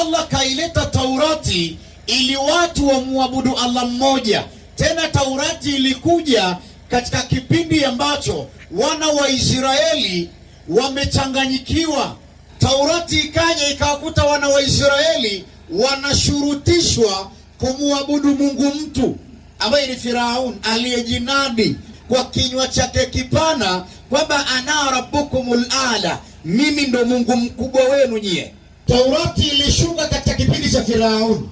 Allah kaileta Taurati ili watu wamwabudu Allah mmoja. Tena Taurati ilikuja katika kipindi ambacho wana wa Israeli wamechanganyikiwa. Taurati ikaja ikawakuta wana wa Israeli wanashurutishwa kumwabudu Mungu mtu ambaye ni Firaun aliyejinadi kwa kinywa chake kipana kwamba ana rabbukumul ala, mimi ndo Mungu mkubwa wenu nyie. Taurati ilishuka katika kipindi cha Firauni.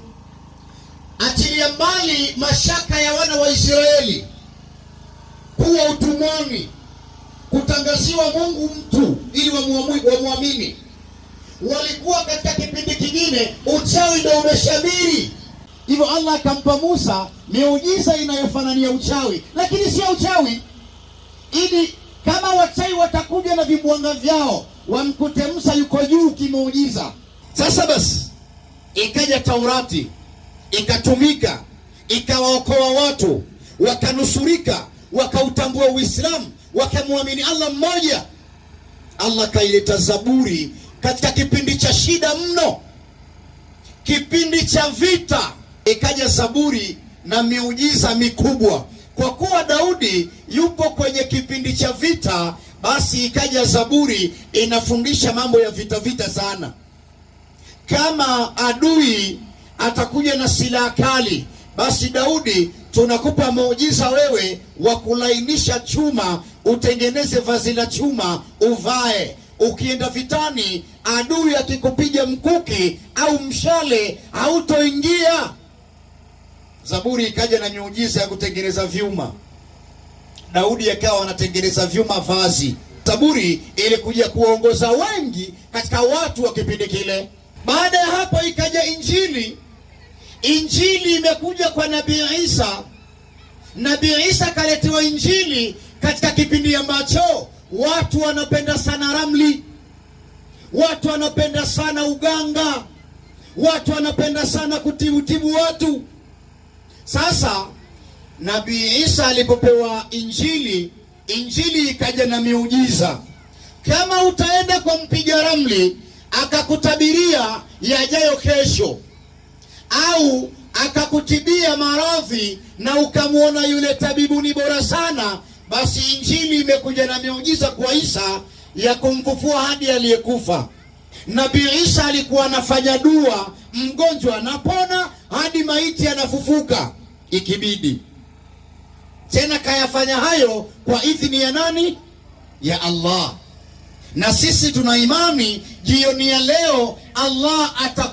Achilia mbali mashaka ya wana wa Israeli kuwa utumwani, kutangaziwa Mungu mtu ili wamwamini. Walikuwa katika kipindi kingine, uchawi ndio umeshamiri. Hivyo Allah akampa Musa miujiza inayofanania uchawi, lakini sio uchawi, ili kama wachawi watakuja na vibwanga vyao wamkute Musa yuko juu kimuujiza sasa basi ikaja Taurati ikatumika ikawaokoa watu wakanusurika, wakautambua Uislamu, wakamwamini Allah mmoja. Allah kaileta Zaburi katika kipindi cha shida mno, kipindi cha vita, ikaja Zaburi na miujiza mikubwa. Kwa kuwa Daudi yupo kwenye kipindi cha vita, basi ikaja Zaburi inafundisha mambo ya vita vita sana kama adui atakuja na silaha kali, basi Daudi, tunakupa muujiza wewe wa kulainisha chuma, utengeneze vazi la chuma uvae ukienda vitani, adui akikupiga mkuki au mshale hautoingia. Zaburi ikaja na miujiza ya kutengeneza vyuma, Daudi akawa anatengeneza vyuma vazi. Zaburi ilikuja kuongoza wengi katika watu wa kipindi kile. Baada ya hapo ikaja Injili. Injili imekuja kwa Nabii Isa. Nabii Isa akaletewa Injili katika kipindi ambacho watu wanapenda sana ramli, watu wanapenda sana uganga, watu wanapenda sana kutibutibu watu. Sasa Nabii Isa alipopewa Injili, Injili ikaja na miujiza. Kama utaenda kwa mpiga ramli akakutabiria yajayo kesho, au akakutibia maradhi na ukamwona yule tabibu ni bora sana, basi Injili imekuja na miujiza kwa Isa ya kumfufua hadi aliyekufa. Nabii Isa alikuwa anafanya dua, mgonjwa anapona hadi maiti anafufuka ikibidi. Tena kayafanya hayo kwa idhini ya nani? Ya Allah na sisi tuna imani jioni ya leo Allah ata